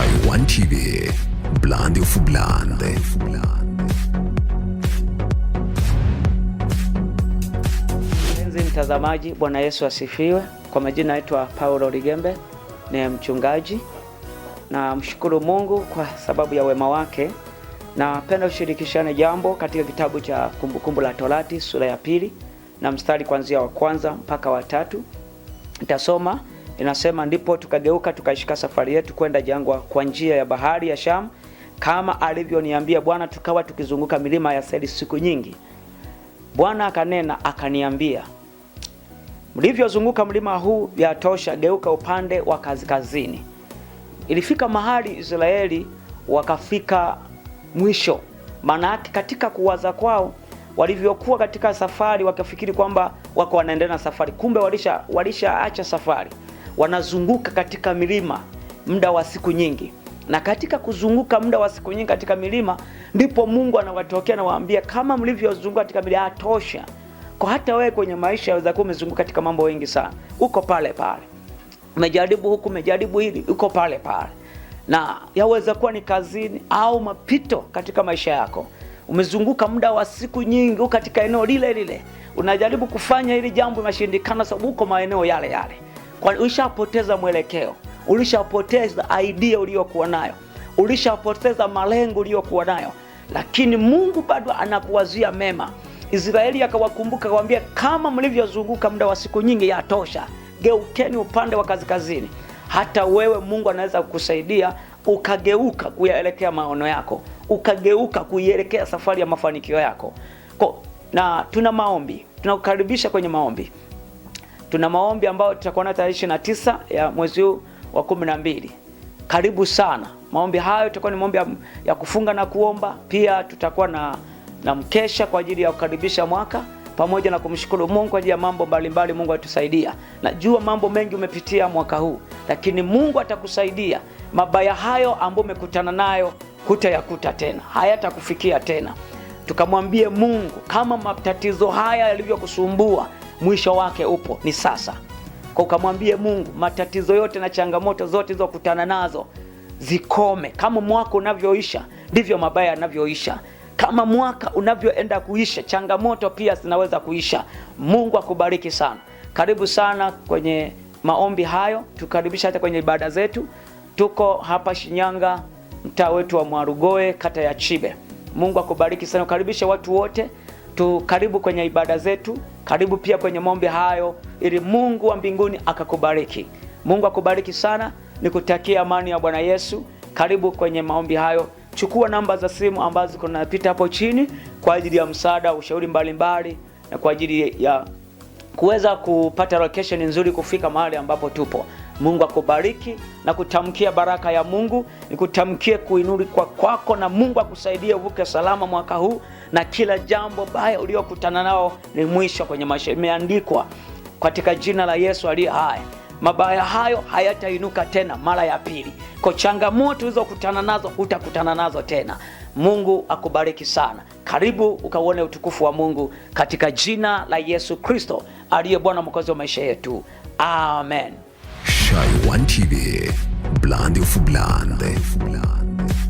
Taiwan TV Blande of blande. Mpenzi mtazamaji, Bwana Yesu asifiwe. Kwa majina naitwa Paulo Ligembe, ni mchungaji na mshukuru Mungu kwa sababu ya wema wake. Napenda ushirikishane jambo katika kitabu cha Kumbukumbu la Torati sura ya pili na mstari kuanzia wa kwanza mpaka wa tatu. Nitasoma inasema ndipo tukageuka tukaishika safari yetu kwenda jangwa kwa njia ya bahari ya sham kama alivyoniambia Bwana, tukawa tukizunguka milima ya Seli siku nyingi. Bwana akanena akaniambia, mlivyozunguka mlima huu yatosha, geuka upande wa kaskazini. Ilifika mahali Israeli wakafika mwisho. Maana yake katika kuwaza kwao walivyokuwa katika safari wakafikiri kwamba wako wanaendelea na safari, kumbe walisha walishaacha safari wanazunguka katika milima muda wa siku nyingi, na katika kuzunguka muda wa siku nyingi katika milima ndipo Mungu anawatokea nawaambia, kama mlivyozunguka katika milima atosha. Kwa hata wewe kwenye maisha yaweza kuwa umezunguka katika mambo mengi sana, uko pale pale, umejaribu huku, umejaribu hili, uko pale pale, na yaweza kuwa ni kazini au mapito katika maisha yako umezunguka muda wa siku nyingi katika eneo lile lile, unajaribu kufanya hili jambo, imeshindikana sababu uko maeneo yale yale kwani ulishapoteza mwelekeo, ulishapoteza idea uliyokuwa nayo, ulishapoteza malengo uliyokuwa nayo, lakini Mungu bado anakuwazia mema. Israeli akawakumbuka akawambia, kama mlivyozunguka muda wa siku nyingi, yatosha, geukeni upande wa kaskazini. Hata wewe Mungu anaweza kukusaidia ukageuka kuyaelekea maono yako, ukageuka kuielekea safari ya mafanikio yako. Ko, na tuna maombi, tunakukaribisha kwenye maombi. Tuna maombi ambayo tutakuwa nayo tarehe tisa ya mwezi huu wa kumi na mbili. Karibu sana. Maombi hayo tutakuwa ni maombi ya, ya kufunga na kuomba. Pia tutakuwa na, na mkesha kwa ajili ya kukaribisha mwaka pamoja na kumshukuru Mungu kwa ajili ya mambo mbalimbali Mungu atusaidia. Najua mambo mengi umepitia mwaka huu, lakini Mungu atakusaidia. Mabaya hayo ambayo umekutana nayo hutayakuta tena, hayatakufikia tena. Tukamwambie Mungu kama matatizo haya yalivyokusumbua mwisho wake upo ni sasa. Kwa ukamwambie Mungu matatizo yote na changamoto zote zokutana nazo zikome. Kama mwaka unavyoisha ndivyo mabaya yanavyoisha. Kama mwaka unavyoenda kuisha, changamoto pia zinaweza kuisha. Mungu akubariki sana. Karibu sana kwenye maombi hayo, tukaribisha hata kwenye ibada zetu. Tuko hapa Shinyanga, mtaa wetu wa Mwarugoe, kata ya Chibe. Mungu akubariki sana, ukaribishe watu wote, tukaribu kwenye ibada zetu. Karibu pia kwenye maombi hayo ili Mungu wa mbinguni akakubariki. Mungu akubariki sana, nikutakie amani ya Bwana Yesu. Karibu kwenye maombi hayo. Chukua namba za simu ambazo kunapita hapo chini kwa ajili ya msaada, ushauri mbalimbali na kwa ajili ya kuweza kupata location nzuri kufika mahali ambapo tupo. Mungu akubariki na kutamkia baraka ya Mungu, nikutamkie kuinuliwa kwako, na Mungu akusaidie uvuke salama mwaka huu, na kila jambo baya uliokutana nao ni mwisho kwenye maisha. Imeandikwa katika jina la Yesu aliye hai, mabaya hayo hayatainuka tena mara ya pili. Kwa changamoto ulizokutana nazo utakutana nazo tena. Mungu akubariki sana. Karibu ukaone utukufu wa Mungu katika jina la Yesu Kristo aliye Bwana mwokozi wa maisha yetu, amen. Chai One TV, Blonde of Blonde.